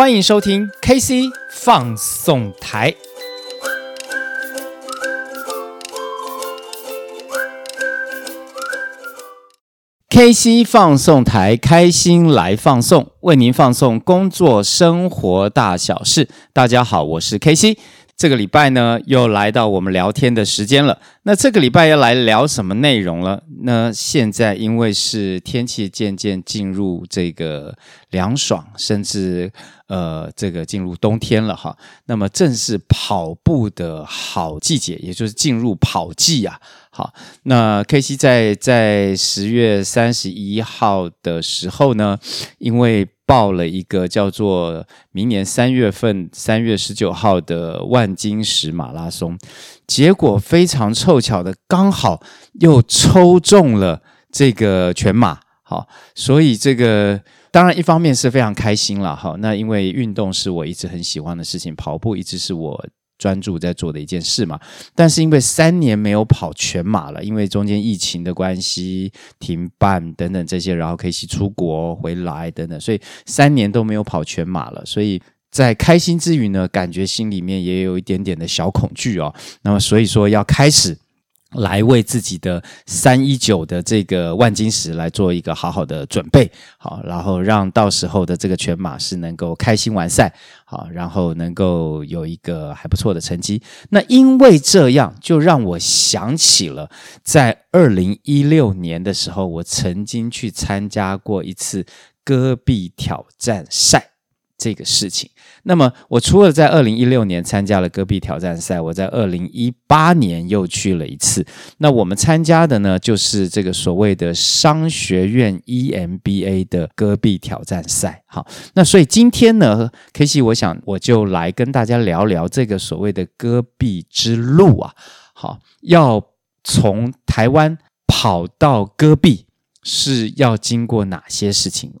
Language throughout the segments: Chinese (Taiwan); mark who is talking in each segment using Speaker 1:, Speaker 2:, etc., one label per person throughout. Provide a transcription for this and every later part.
Speaker 1: 歡迎收聽 KC 放送臺，KC 放送臺開心來放送，為您放送工作生活大小事。大家好，我是 KC。這個禮拜呢，又來到我們聊天的時間了。那這個禮拜要來聊什麼內容了？那現在因為是天氣漸漸進入這個涼爽，甚至呃，這個進入冬天了哈。那麼正是跑步的好季節，也就是進入跑季啊。好，那 KC 在在十月三十一號的時候呢，因為。報了一個叫做明年三月份、三月十九號的萬金石馬拉松，結果非常湊巧的，剛好又抽中了這個全馬。好，所以這個當然一方面是非常開心了。好，那因為運動是我一直很喜歡的事情，跑步一直是我專注在做的一件事嘛，但是因為三年沒有跑全馬了，因為中間疫情的關係停辦等等這些，然後可以一起出國回來等等，所以三年都沒有跑全馬了。所以在開心之餘呢，感覺心裡面也有一點點的小恐懼哦。那麼所以說要開始。來為自己的三一九的這個萬金石來做一個好好的準備，好，然後讓到時候的這個全馬是能夠開心完賽，好，然後能夠有一個還不錯的成績。那因為這樣，就讓我想起了在二零一六年的時候，我曾經去參加過一次戈壁挑戰賽。這個事情，那麼我除了在二零一六年參加了戈壁挑戰賽，我在二零一八年又去了一次。那我們參加的呢，就是這個所謂的商學院 EMBA 的戈壁挑戰賽。好，那所以今天呢，KC，我想我就來跟大家聊聊這個所謂的戈壁之路啊。好，要從台灣跑到戈壁，是要經過哪些事情？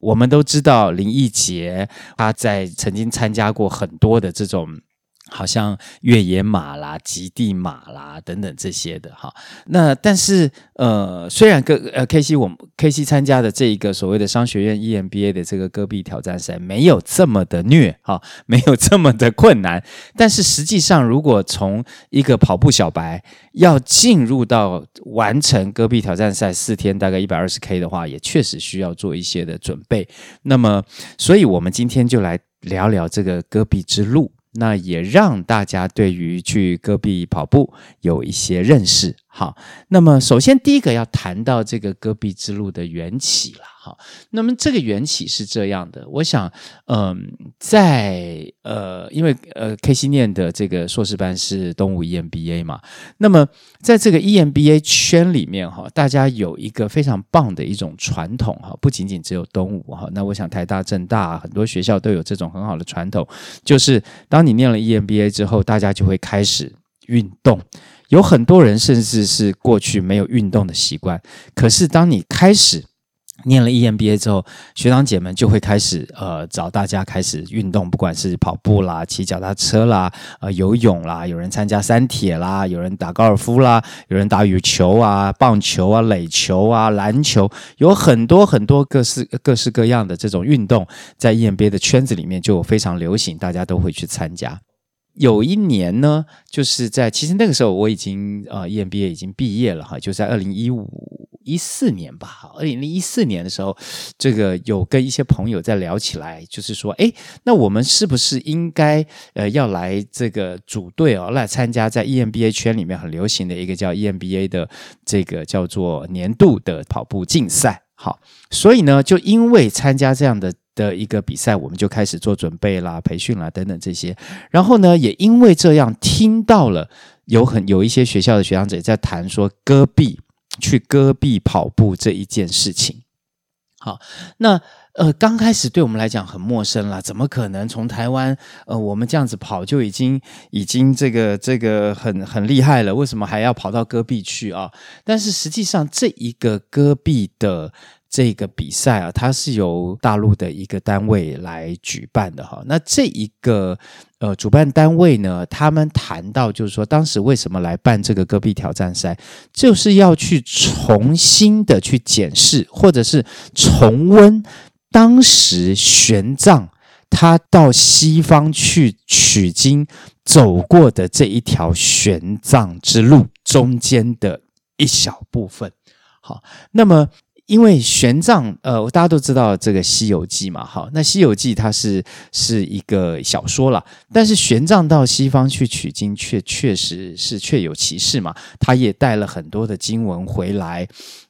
Speaker 1: 我們都知道林毅杰，他在曾經參加過很多的這種。好像越野馬啦、極地馬啦等等這些的哈，那但是呃，雖然個呃 K C 我 K C 參加的這一個所謂的商學院 E M B A 的這個戈壁挑戰賽沒有這麼的虐哈，沒有這麼的困難，但是實際上如果從一個跑步小白要進入到完成戈壁挑戰賽四天大概一百二十 K 的話，也確實需要做一些的準備。那麼，所以我們今天就來聊聊這個戈壁之路。那也讓大家對於去戈壁跑步有一些認識。好，那麼首先第一個要談到這個戈壁之路的緣起了哈。那麼這個緣起是這樣的，我想，嗯、呃，在呃，因為呃，KC 唸的這個碩士班是東吳 EMBA 嘛。那麼在這個 EMBA 圈裡面哈，大家有一個非常棒的一種傳統哈，不僅僅只有東吳哈。那我想台大、政大、正大很多學校都有這種很好的傳統，就是當你唸了 EMBA 之後，大家就會開始運動。有很多人甚至是過去沒有運動的習慣，可是當你開始念了 EMBA 之後，學長姐們就會開始呃找大家開始運動，不管是跑步啦、騎腳踏車啦、呃游泳啦，有人參加三鐵啦，有人打高爾夫啦，有人打羽球啊、棒球啊、壘球啊、籃球，有很多很多各式各式各樣的這種運動，在 EMBA 的圈子裡面就非常流行，大家都會去參加。有一年呢，就是在其實那個時候我已經呃 EMBA 已經畢業了哈，就在二零一五一四年吧，二零零一四年的時候，這個有跟一些朋友在聊起來，就是說，哎，那我們是不是應該呃要來這個組隊哦，來參加在 EMBA 圈裡面很流行的一個叫 EMBA 的這個叫做年度的跑步競賽？好，所以呢，就因為參加這樣的。的一個比賽，我們就開始做準備啦、培訓啦等等這些。然後呢，也因為這樣，聽到了有很有一些學校的學長姐在談說戈壁去戈壁跑步這一件事情。好，那呃，剛開始對我們來講很陌生啦，怎麼可能從台灣呃，我們這樣子跑就已經已經這個這個很很厲害了？為什麼還要跑到戈壁去啊？但是實際上，這一個戈壁的。這個比賽啊，它是由大陸的一個單位來舉辦的哈。那這一個呃主辦單位呢，他們談到就是說，當時為什麼來辦這個戈壁挑戰賽，就是要去重新的去檢視，或者是重溫當時玄奘他到西方去取經走過的這一條玄奘之路中間的一小部分。好，那麼。因為玄奘，呃，大家都知道這個《西遊記》嘛，哈，那《西遊記》它是是一個小說啦，但是玄奘到西方去取經卻，確確實是確有其事嘛，他也帶了很多的經文回來，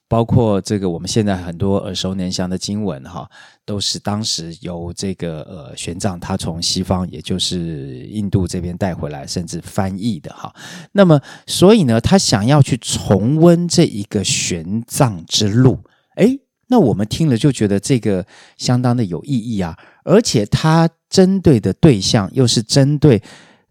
Speaker 1: 包括這個我們現在很多耳熟能詳的經文，哈，都是當時由這個呃玄奘他從西方，也就是印度這邊帶回來，甚至翻譯的哈。那麼，所以呢，他想要去重溫這一個玄奘之路。誒，那我們聽了就覺得這個相當的有意義啊！而且它針對的對象又是針對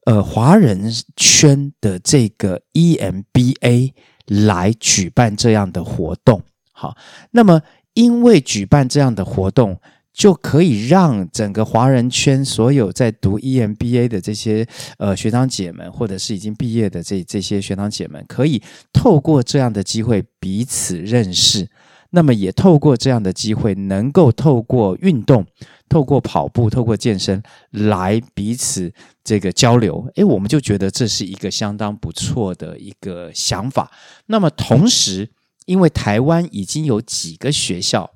Speaker 1: 呃華人圈的這個 EMBA 來舉辦這樣的活動，好，那麼因為舉辦這樣的活動，就可以讓整個華人圈所有在讀 EMBA 的這些呃學長姐們，或者是已經畢業的這這些學長姐們，可以透過這樣的機會彼此認識。那麼也透過這樣的機會，能夠透過運動、透過跑步、透過健身來彼此這個交流。哎，我們就覺得這是一個相當不錯的一個想法。那麼同時，因為台灣已經有幾個學校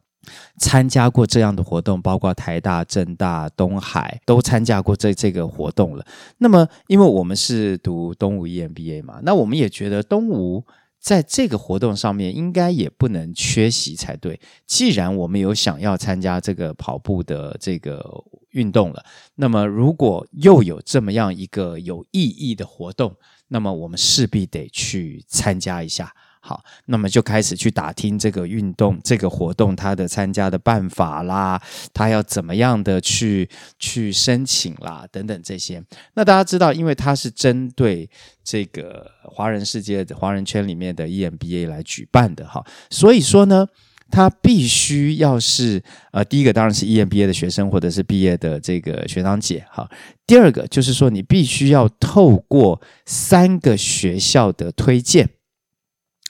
Speaker 1: 參加過這樣的活動，包括台大、政大、東海都參加過這這個活動了。那麼，因為我們是讀東吳 EMBA 嘛，那我們也覺得東吳。在這個活動上面，應該也不能缺席才對。既然我們有想要參加這個跑步的這個運動了，那麼如果又有這麼樣一個有意義的活動，那麼我們勢必得去參加一下。好，那麼就開始去打聽這個運動、這個活動它的參加的辦法啦，他要怎麼樣的去去申請啦，等等這些。那大家知道，因為它是針對這個華人世界的華人圈裡面的 EMBA 來舉辦的哈，所以說呢，他必須要是呃，第一個當然是 EMBA 的學生或者是畢業的這個學長姐哈，第二個就是說你必須要透過三個學校的推薦，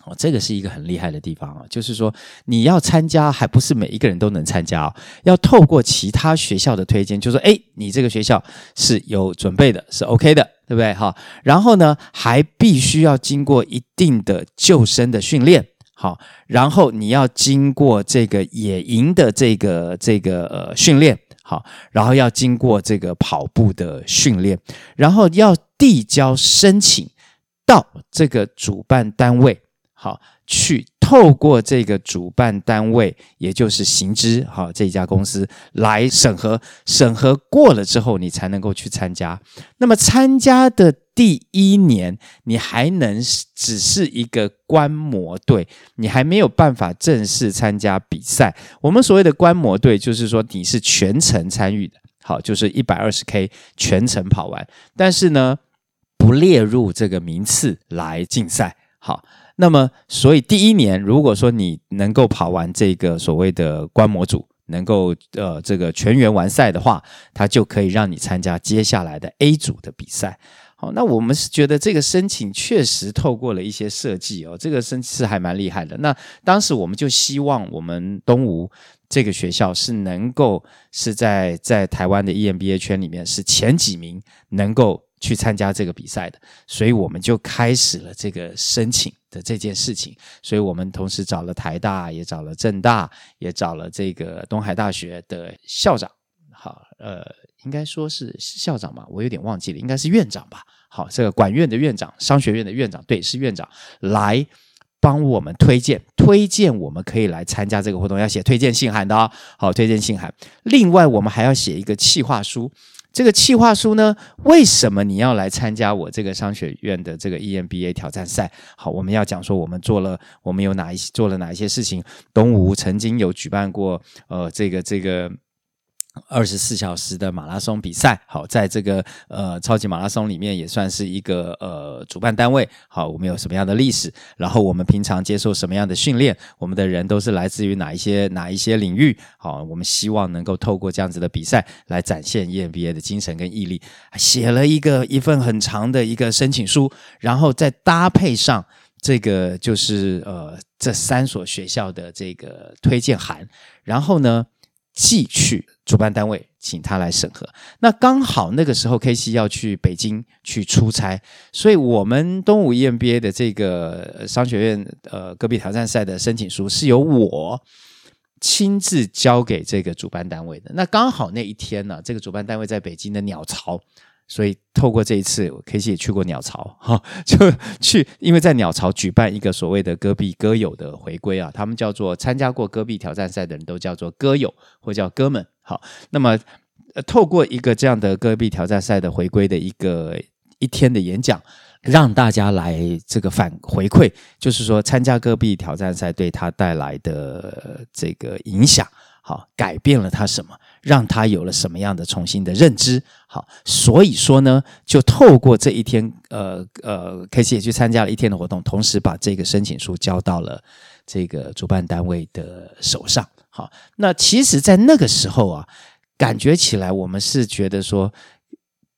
Speaker 1: 哦，這個是一個很厲害的地方啊，哦，就是說你要參加，還不是每一個人都能參加哦，要透過其他學校的推薦，就是，說哎，你這個學校是有準備的，是 OK 的，對不對？哈，哦，然後呢，還必須要經過一定的救生的訓練，好，哦，然後你要經過這個野營的這個這個呃訓練，好，哦，然後要經過這個跑步的訓練，然後要遞交申請到這個主辦單位。好，去透過這個主辦單位，也就是行知，好，這一家公司來審核，審核過了之後，你才能夠去參加。那麼參加的第一年，你還能只是一個觀摩隊，你還沒有辦法正式參加比賽。我們所謂的觀摩隊，就是說你是全程參與的，好，就是一百二十 K 全程跑完，但是呢，不列入這個名次來競賽，好。那麼，所以第一年，如果說你能夠跑完這個所謂的觀摩組，能夠呃這個全員完賽的話，他就可以讓你參加接下來的 A 組的比賽。好，那我們是覺得這個申請確實透過了一些設計哦，這個申請是還蠻厲害的。那當時我們就希望我們東吳這個學校是能夠是在在台灣的 EMBA 圈裡面是前幾名，能夠。去參加這個比賽的，所以我們就開始了這個申請的這件事情。所以我們同時找了台大，也找了政大，也找了這個東海大學的校長。好，呃，應該說是，是校長吧，我有點忘記了，應該是院長吧。好，這個管院的院長，商學院的院長，對，是院長來幫我們推薦，推薦我們可以來參加這個活動，要寫推薦信函的哦，好，推薦信函。另外，我們還要寫一個企劃書。這個企劃書呢？為什麼你要來參加我這個商學院的這個 EMBA 挑戰賽？好，我們要講說我們做了，我們有哪一些做了哪一些事情？東吳曾經有舉辦過，呃，這個這個。二十四小時的馬拉松比賽，好，在這個呃超級馬拉松裡面也算是一個呃主辦單位。好，我們有什麼樣的歷史？然後我們平常接受什麼樣的訓練？我們的人都是來自於哪一些哪一些領域？好，我們希望能夠透過這樣子的比賽來展現 EMBA 的精神跟毅力。寫了一個一份很長的一個申請書，然後再搭配上這個就是呃這三所學校的這個推薦函，然後呢？寄去主辦單位，請他來審核。那剛好那個時候，K C 要去北京去出差，所以我們東吳 E M B A 的這個商學院呃，戈壁挑戰賽的申請書是由我親自交給這個主辦單位的。那剛好那一天呢、啊，這個主辦單位在北京的鳥巢。所以，透過這一次，KC 也去過鳥巢，哈，就去，因為在鳥巢舉辦一個所謂的“戈壁戈友”的回歸啊，他們叫做參加過戈壁挑戰賽的人都叫做戈友或者叫哥們，好，那麼、呃、透過一個這樣的戈壁挑戰賽的回歸的一個一天的演講，讓大家來這個反回饋，就是說參加戈壁挑戰賽對他帶來的、呃、這個影響，好，改變了他什麼？讓他有了什麼樣的重新的認知？好，所以說呢，就透過這一天，呃呃，KC 也去參加了一天的活動，同時把這個申請書交到了這個主辦單位的手上。好，那其實，在那個時候啊，感覺起來，我們是覺得說，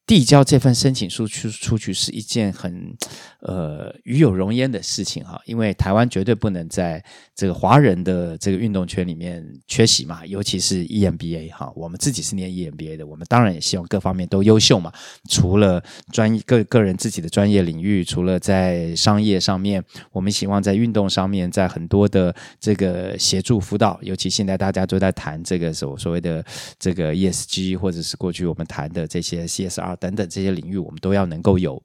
Speaker 1: 遞交這份申請書出出去是一件很呃，與有榮焉的事情哈，因為台灣絕對不能在這個華人的這個運動圈裡面缺席嘛，尤其是 EMBA 哈，我們自己是念 EMBA 的，我們當然也希望各方面都優秀嘛。除了專、個個人自己的專業領域，除了在商業上面，我們希望在運動上面，在很多的這個協助輔導，尤其現在大家都在談這個所所謂的這個 ESG，或者是過去我們談的這些 CSR 等等這些領域，我們都要能夠有。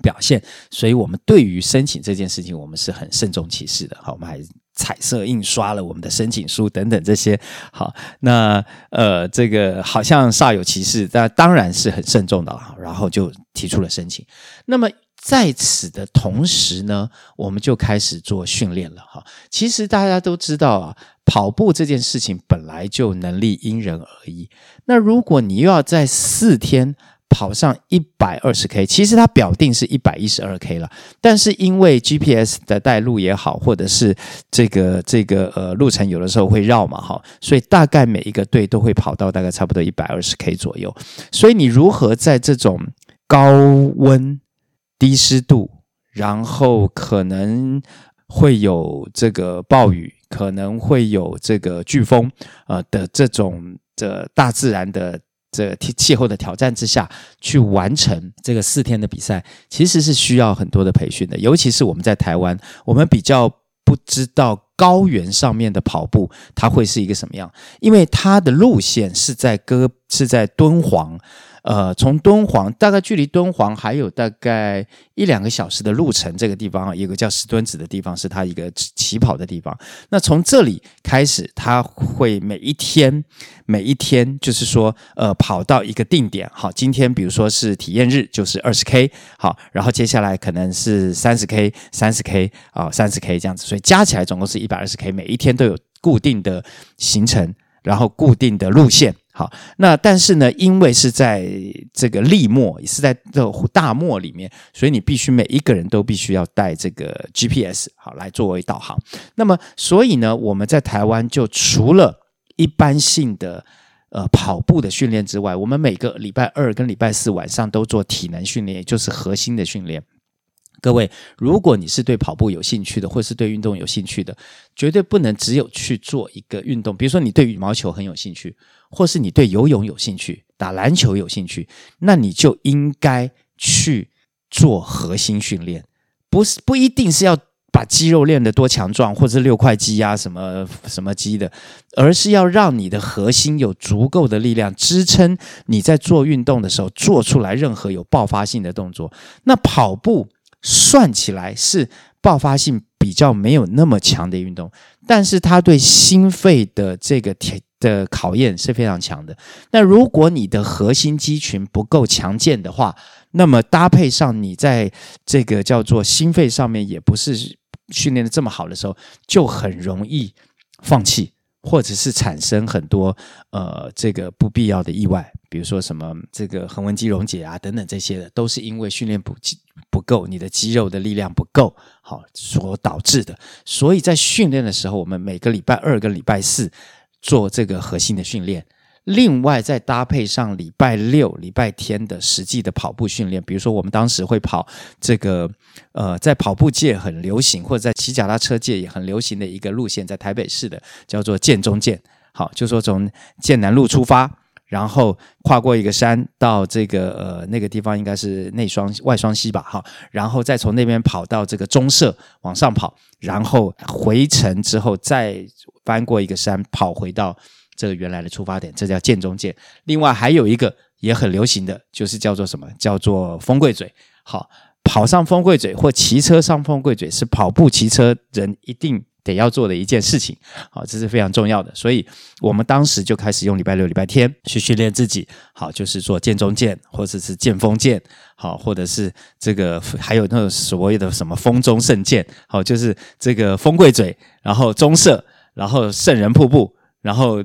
Speaker 1: 表現，所以我們對於申請這件事情，我們是很慎重其事的。好，我們還彩色印刷了我們的申請書等等這些。好，那呃，這個好像煞有其事，那當然是很慎重的了。然後就提出了申請。那麼在此的同時呢，我們就開始做訓練了。哈，其實大家都知道啊，跑步這件事情本來就能力因人而異。那如果你又要在四天，跑上一百二十 K，其實它表定是一百一十二 K 了，但是因為 GPS 的帶路也好，或者是這個這個呃路程有的時候會繞嘛哈，所以大概每一個隊都會跑到大概差不多一百二十 K 左右。所以你如何在這種高溫、低濕度，然後可能會有這個暴雨，可能會有這個颶風，呃的這種的、呃、大自然的。這氣候的挑戰之下去完成這個四天的比賽，其實是需要很多的培訓的。尤其是我們在台灣，我們比較不知道高原上面的跑步它會是一個什麼樣，因為它的路線是在戈是在敦煌。呃，從敦煌大概距離敦煌還有大概一兩個小時的路程，這個地方、啊、有個叫石墩子的地方，是它一個起跑的地方。那從這裡開始，他會每一天每一天，就是說，呃，跑到一個定點。好，今天比如說是體驗日，就是二十 K，好，然後接下來可能是三十 K, 三十 K、哦、三十 K 啊、三十 K 這樣子，所以加起來總共是一百二十 K。每一天都有固定的行程，然後固定的路線。好，那但是呢，因為是在這個礫漠，是在這大漠裡面，所以你必須每一個人都必須要帶這個 GPS，好來作為導航。那麼，所以呢，我們在台灣就除了一般性的呃跑步的訓練之外，我們每個禮拜二跟禮拜四晚上都做體能訓練，也就是核心的訓練。各位，如果你是對跑步有興趣的，或是對運動有興趣的，絕對不能只有去做一個運動。比如說，你對羽毛球很有興趣，或是你對游泳有興趣，打籃球有興趣，那你就應該去做核心訓練，不是不一定是要把肌肉練得多強壯，或者是六塊肌啊什麼什麼肌的，而是要讓你的核心有足夠的力量支撐你在做運動的時候做出來任何有爆發性的動作。那跑步，算起來是爆發性比較沒有那麼強的運動，但是它對心肺的這個的考驗是非常強的。那如果你的核心肌群不夠強健的話，那麼搭配上你在這個叫做心肺上面也不是訓練得這麼好的時候，就很容易放棄。或者是產生很多呃、這個不必要的意外，比如說什麼這個橫紋肌溶解啊等等這些的，都是因為訓練不不夠，你的肌肉的力量不夠好所導致的。所以在訓練的時候，我們每個禮拜二跟禮拜四做這個核心的訓練。另外，再搭配上禮拜六、禮拜天的實際的跑步訓練，比如說我們當時會跑這個，呃，在跑步界很流行，或者在騎腳踏車界也很流行的一個路線，在台北市的叫做建中建。好，就說從劍南路出發，然後跨過一個山到這個呃那個地方，應該是內雙外雙溪吧，哈，然後再從那邊跑到這個中社往上跑，然後回程之後再翻過一個山跑回到。這個原來的出發點，這叫劍中劍。另外還有一個也很流行的就是叫做什麼？叫做風櫃嘴。好，跑上風櫃嘴或騎車上風櫃嘴是跑步、騎車人一定得要做的一件事情。好，這是非常重要的。所以我們當時就開始用禮拜六、禮拜天去訓練自己。好，就是做劍中劍，或者是劍鋒劍。好，或者是這個還有那種所謂的什麼風中聖劍。好，就是這個風櫃嘴，然後棕色，然後聖人瀑布，然後。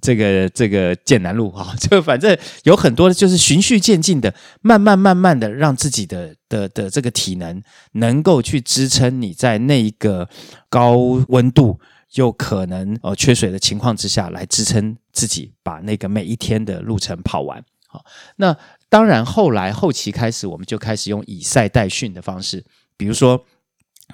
Speaker 1: 這個這個劍南路啊，就反正有很多的，就是循序漸進的，慢慢慢慢的，讓自己的的的這個體能能夠去支撐你在那一個高溫度又可能呃缺水的情況之下，來支撐自己把那個每一天的路程跑完。好，那當然，後來後期開始，我們就開始用以賽代訓的方式，比如說。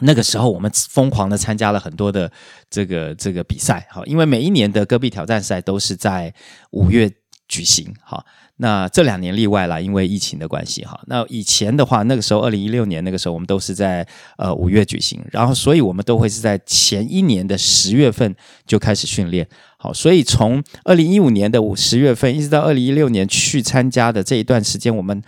Speaker 1: 那個時候，我們瘋狂的參加了很多的這個這個比賽，好，因為每一年的戈壁挑戰賽都是在五月舉行，好，那這兩年例外了，因為疫情的關係，哈，那以前的話，那個時候二零一六年那個時候，我們都是在呃五月舉行，然後所以我們都會是在前一年的十月份就開始訓練，好，所以從二零一五年的十月份一直到二零一六年去參加的這一段時間，我們。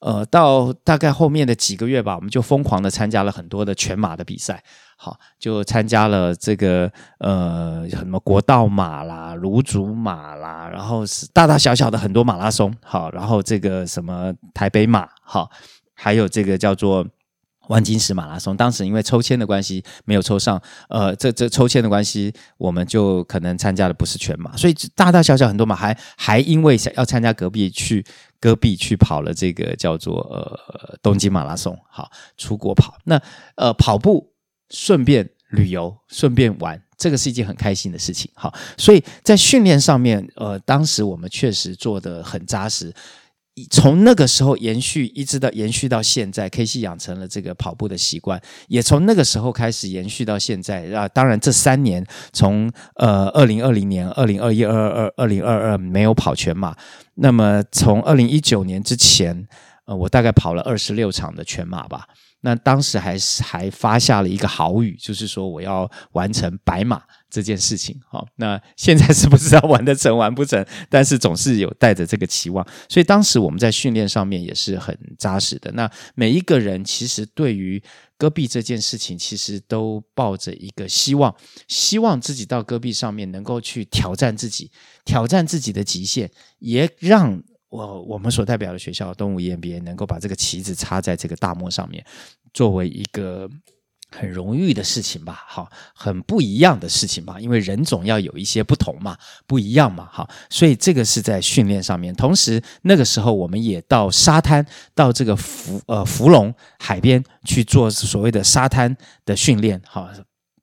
Speaker 1: 呃，到大概後面的幾個月吧，我們就瘋狂的參加了很多的全馬的比賽，好，就參加了這個呃，什麼國道馬啦、蘆竹馬啦，然後大大小小的很多馬拉松，好，然後這個什麼台北馬，好，還有這個叫做。萬金石馬拉松，當時因為抽籤的關係沒有抽上，呃，這這抽籤的關係，我們就可能參加的不是全馬，所以大大小小很多馬還還因為想要參加戈壁去，去戈壁去跑了這個叫做呃東京馬拉松，好，出國跑，那呃跑步順便旅遊順便玩，這個是一件很開心的事情，好，所以在訓練上面，呃，當時我們確實做得很扎實。從那個時候延續一直到延續到現在，KC 養成了這個跑步的習慣，也從那個時候開始延續到現在。啊，當然這三年從呃二零二零年、二零二一、二二二、二零二二沒有跑全馬。那麼從二零一九年之前，呃，我大概跑了二十六場的全馬吧。那當時還是還發下了一個豪語，就是說我要完成百馬。這件事情，好，那現在是不是要玩得成玩不成，但是總是有帶着這個期望，所以當時我們在訓練上面也是很扎實的。那每一個人其實對於戈壁這件事情，其實都抱着一個希望，希望自己到戈壁上面能夠去挑戰自己，挑戰自己的極限，也讓我我們所代表的學校東吳 EMBA，能夠把這個旗子插在這個大漠上面，作為一個。很榮譽的事情吧，哈，很不一樣的事情吧，因為人總要有一些不同嘛，不一樣嘛，哈，所以這個是在訓練上面。同時，那個時候我們也到沙灘，到這個福，呃，福隆海邊去做所謂的沙灘的訓練，哈，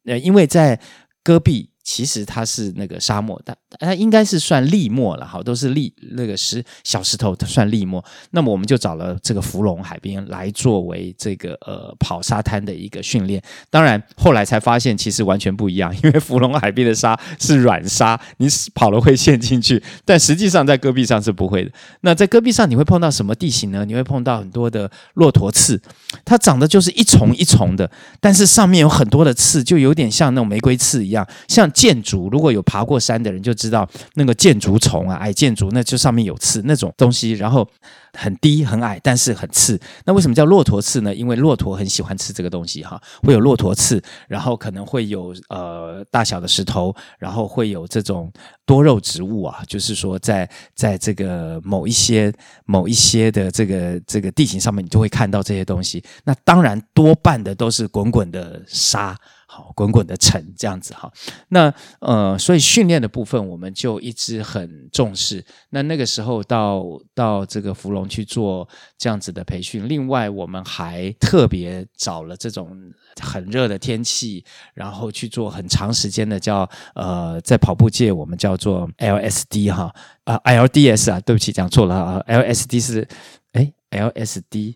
Speaker 1: 呃，因為在戈壁。其實它是那個沙漠，它它應該是算礫漠了哈，都是礫，那個石小石頭算礫漠。那麼我們就找了這個福隆海邊來作為這個呃跑沙灘的一個訓練。當然後來才發現其實完全不一樣，因為福隆海邊的沙是軟沙，你跑了會陷進去，但實際上在戈壁上是不會的。那在戈壁上你會碰到什麼地形呢？你會碰到很多的駱駝刺，它長得就是一叢一叢的，但是上面有很多的刺，就有點像那種玫瑰刺一樣，像。箭竹，如果有爬過山的人就知道，那個箭竹蟲啊，矮箭竹，那就上面有刺，那種東西，然後很低很矮，但是很刺。那為什麼叫駱駝刺呢？因為駱駝很喜歡吃這個東西哈，會有駱駝刺，然後可能會有呃大小的石頭，然後會有這種多肉植物啊，就是說在在這個某一些某一些的這個這個地形上面，你就會看到這些東西。那當然，多半的都是滾滾的沙。好，滾滾的塵這樣子哈。那呃，所以訓練的部分我們就一直很重視。那那個時候到到這個芙蓉去做這樣子的培訓，另外我們還特別找了這種很熱的天氣，然後去做很長時間的叫呃，在跑步界我們叫做 LSD 哈啊，LDS 啊，對不起講錯了啊，LSD 是哎 LSD。誒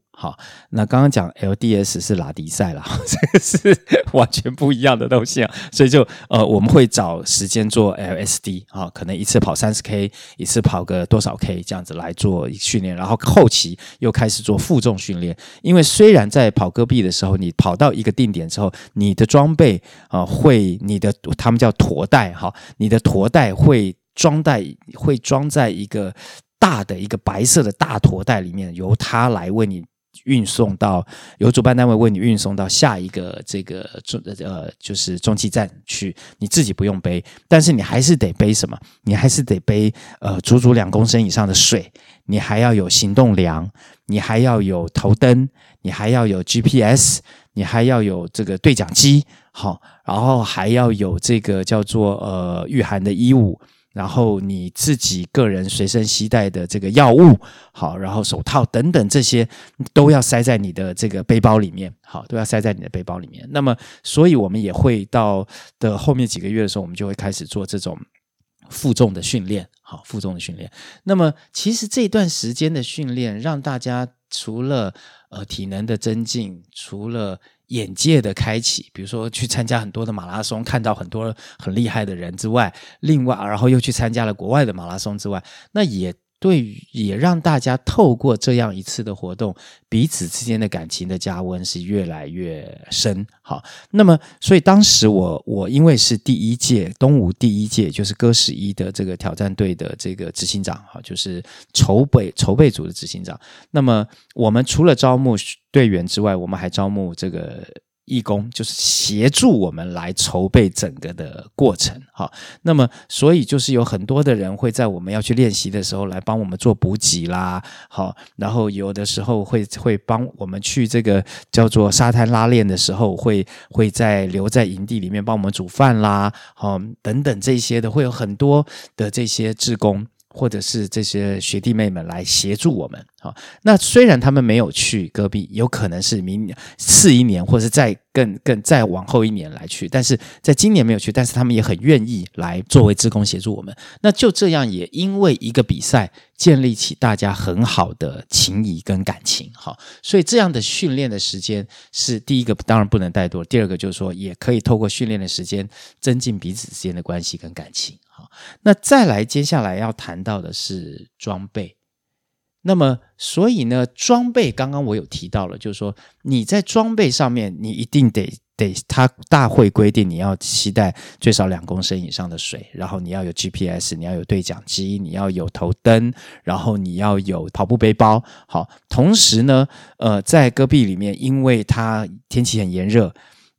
Speaker 1: 好，那剛剛講 LDS 是拉迪賽了，這 個是完全不一樣的東西啊，所以就呃我們會找時間做 LSD 啊、哦，可能一次跑三十 K，一次跑個多少 K 這樣子來做訓練，然後後期又開始做負重訓練，因為雖然在跑戈壁的時候，你跑到一個定點之後，你的裝備啊、呃、會你，你的他們叫駝帶哈，你的駝帶會裝袋會裝在一個大的一個白色的大駝袋裡面，由它來為你。運送到由主辦單位為你運送到下一個這個中呃，就是中繼站去，你自己不用背，但是你還是得背什麼？你還是得背呃足足兩公升以上的水，你還要有行動糧，你還要有頭燈，你還要有 GPS，你還要有這個對講機，好、哦，然後還要有這個叫做呃御寒的衣物。然後你自己個人隨身攜帶的這個藥物，好，然後手套等等這些都要塞在你的這個背包裡面，好，都要塞在你的背包裡面。那麼，所以我們也會到的後面幾個月的時候，我們就會開始做這種負重的訓練，好，負重的訓練。那麼，其實這段時間的訓練讓大家除了呃體能的增進，除了。眼界的開啟，比如說去參加很多的馬拉松，看到很多很厲害的人之外，另外然後又去參加了國外的馬拉松之外，那也。對，也讓大家透過這樣一次的活動，彼此之間的感情的加溫是越來越深。好，那麼所以當時我我因為是第一屆東吳第一屆就是戈十一的這個挑戰隊的這個執行長，好，就是籌備籌備組的執行長。那麼我們除了招募隊員之外，我們還招募這個。義工就是協助我們來籌備整個的過程，好，那麼所以就是有很多的人會在我們要去練習的時候來幫我們做補給啦，好，然後有的時候會會幫我們去這個叫做沙灘拉練的時候會，會會在留在營地裡面幫我們煮飯啦，好、嗯，等等這些的，會有很多的這些志工。或者是這些學弟妹們來協助我們，好，那雖然他們沒有去戈壁，有可能是明年次一年，或者是再更更再往後一年來去，但是在今年沒有去，但是他們也很願意來作為志工協助我們。那就這樣，也因為一個比賽建立起大家很好的情誼跟感情，好，所以這樣的訓練的時間是第一個，當然不能太多；第二個就是說，也可以透過訓練的時間增進彼此之間的關係跟感情。那再來，接下來要談到的是裝備。那麼，所以呢，裝備剛剛我有提到了，就是說你在裝備上面，你一定得得，它大會規定你要攜帶最少兩公升以上的水，然後你要有 GPS，你要有對講機，你要有頭燈，然後你要有跑步背包。好，同時呢，呃，在戈壁裡面，因為它天氣很炎熱。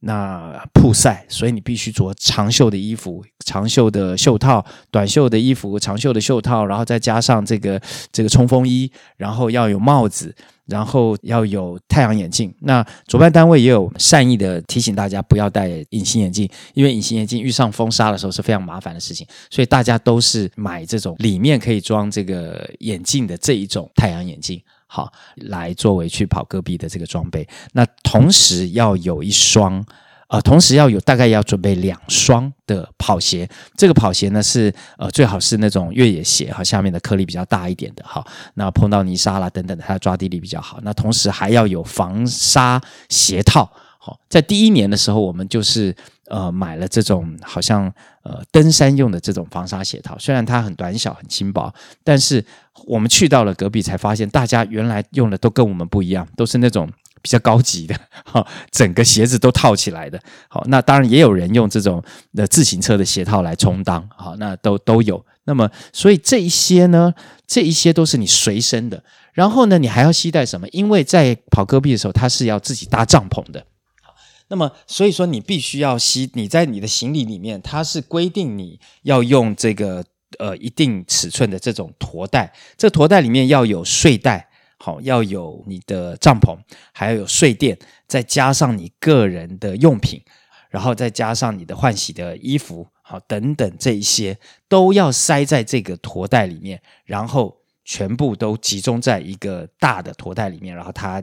Speaker 1: 那曝曬，所以你必須着長袖的衣服、長袖的袖套，短袖的衣服、長袖的袖套，然後再加上這個這個衝鋒衣，然後要有帽子，然後要有太陽眼鏡。那主辦單位也有善意的提醒大家不要戴隱形眼鏡，因為隱形眼鏡遇上風沙的時候是非常麻煩的事情，所以大家都是買這種裡面可以裝這個眼鏡的這一種太陽眼鏡。好，來作為去跑戈壁的這個裝備。那同時要有一雙，呃，同時要有大概要準備兩雙的跑鞋。這個跑鞋呢是呃，最好是那種越野鞋哈，下面的顆粒比較大一點的哈。那碰到泥沙啦等等，它抓地力比較好。那同時還要有防沙鞋套。好，在第一年的時候，我們就是呃買了這種好像呃登山用的這種防沙鞋套，雖然它很短小很輕薄，但是，我們去到了戈壁，才發現大家原來用的都跟我們不一樣，都是那種比較高級的，哈、哦，整個鞋子都套起來的，好、哦，那當然也有人用這種的自行車的鞋套來充當，好、哦，那都都有。那麼，所以這一些呢，這一些都是你隨身的。然後呢，你還要攜帶什麼？因為在跑戈壁的時候，他是要自己搭帳篷的，好，那麼所以說你必須要吸，你在你的行李裡面，它是規定你要用這個。呃，一定尺寸的這種馱袋，這馱袋裡面要有睡袋，好，要有你的帳篷，還要有睡墊，再加上你個人的用品，然後再加上你的換洗的衣服，好，等等，這一些都要塞在這個馱袋裡面，然後全部都集中在一個大的馱袋裡面，然後它。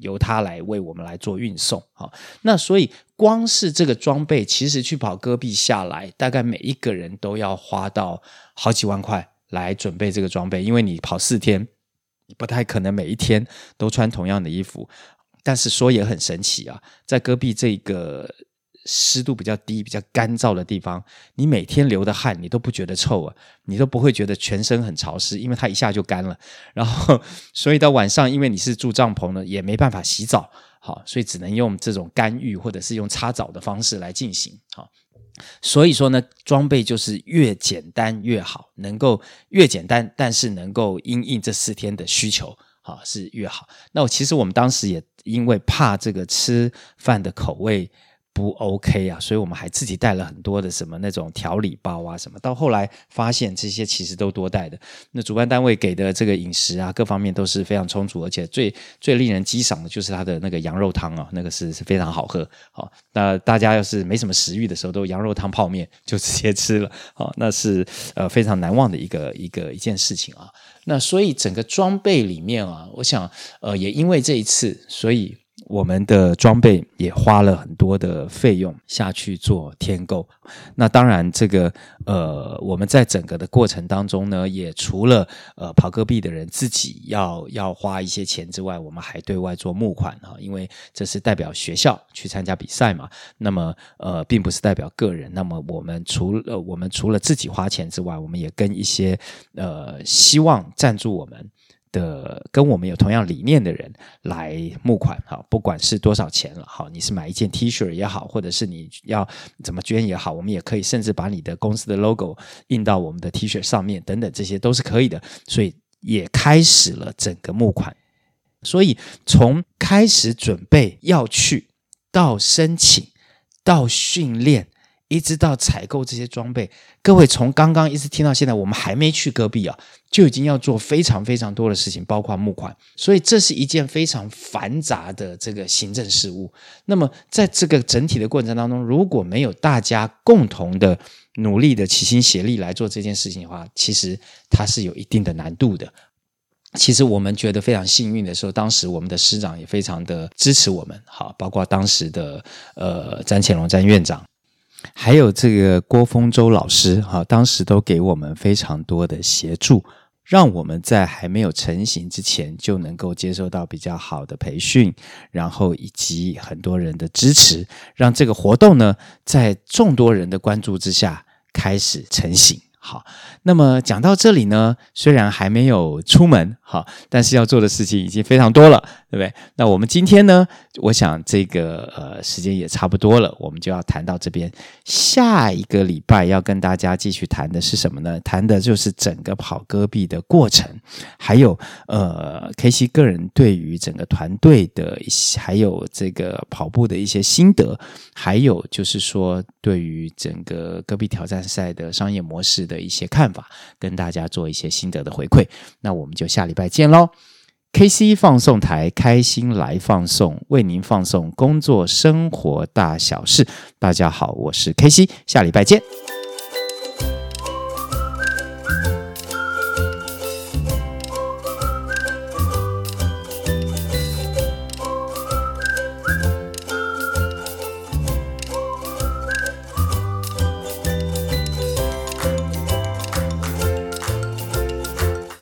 Speaker 1: 由他來為我們來做運送，好，那所以光是這個裝備，其實去跑戈壁下來，大概每一個人都要花到好幾萬塊來準備這個裝備，因為你跑四天，你不太可能每一天都穿同樣的衣服。但是說也很神奇啊，在戈壁這一個。濕度比較低，比較乾燥的地方，你每天流的汗你都不覺得臭啊，你都不會覺得全身很潮濕，因為它一下就乾了。然後，所以到晚上，因為你是住帳篷呢，也沒辦法洗澡，好，所以只能用這種乾浴或者是用擦澡的方式來進行。好，所以說呢，裝備就是越簡單越好，能夠越簡單，但是能夠因應這四天的需求，好，是越好。那我其實我們當時也因為怕這個吃飯的口味。不 OK 啊，所以我們還自己帶了很多的什麼那種調理包啊什麼。到後來發現這些其實都多帶的。那主辦單位給的這個飲食啊，各方面都是非常充足，而且最最令人激賞的就是它的那個羊肉湯啊，那個是是非常好喝。好，哦，那大家要是沒什麼食欲的時候，都羊肉湯泡麵就直接吃了。好，哦，那是呃非常難忘的一個一個一件事情啊。那所以整個裝備裡面啊，我想呃也因為這一次，所以。我們的裝備也花了很多的費用下去做添購，那當然這個呃，我們在整個的過程當中呢，也除了呃跑戈壁的人自己要要花一些錢之外，我們還對外做募款哈、哦，因為這是代表學校去參加比賽嘛。那麼呃，並不是代表個人。那麼我們除了、呃、我們除了自己花錢之外，我們也跟一些呃希望贊助我們。的跟我們有同樣理念的人來募款，哈，不管是多少錢了，好，你是買一件 T 恤也好，或者是你要怎麼捐也好，我們也可以甚至把你的公司的 logo 印到我們的 T 恤上面，等等，這些都是可以的。所以也開始了整個募款。所以從開始準備要去，到申請，到訓練。一直到採購這些裝備，各位從剛剛一直聽到現在，我們還沒去戈壁啊，就已經要做非常非常多的事情，包括募款，所以這是一件非常繁雜的這個行政事務。那麼在這個整體的過程當中，如果沒有大家共同的努力的齊心協力來做這件事情的話，其實它是有一定的難度的。其實我們覺得非常幸運的時候，當時我們的師長也非常的支持我們，好，包括當時的呃詹潛龍詹院長。還有這個郭豐州老師哈，當時都給我們非常多的協助，讓我們在還沒有成型之前就能夠接受到比較好的培訓，然後以及很多人的支持，讓這個活動呢，在眾多人的關注之下開始成型。好，那麼講到這裡呢，雖然還沒有出門好，但是要做的事情已經非常多了。對不對？那我們今天呢，我想這個呃，時間也差不多了，我們就要談到這邊。下一個禮拜要跟大家繼續談的是什麼呢？談的就是整個跑戈壁的過程，還有呃，KC 個人對於整個團隊的一些，還有這個跑步的一些心得，還有就是說對於整個戈壁挑戰賽的商業模式的一些看法，跟大家做一些心得的回饋。那我們就下禮拜見嘍。KC 放送台，開心來放送，為您放送工作生活大小事。大家好，我是 KC，下禮拜見。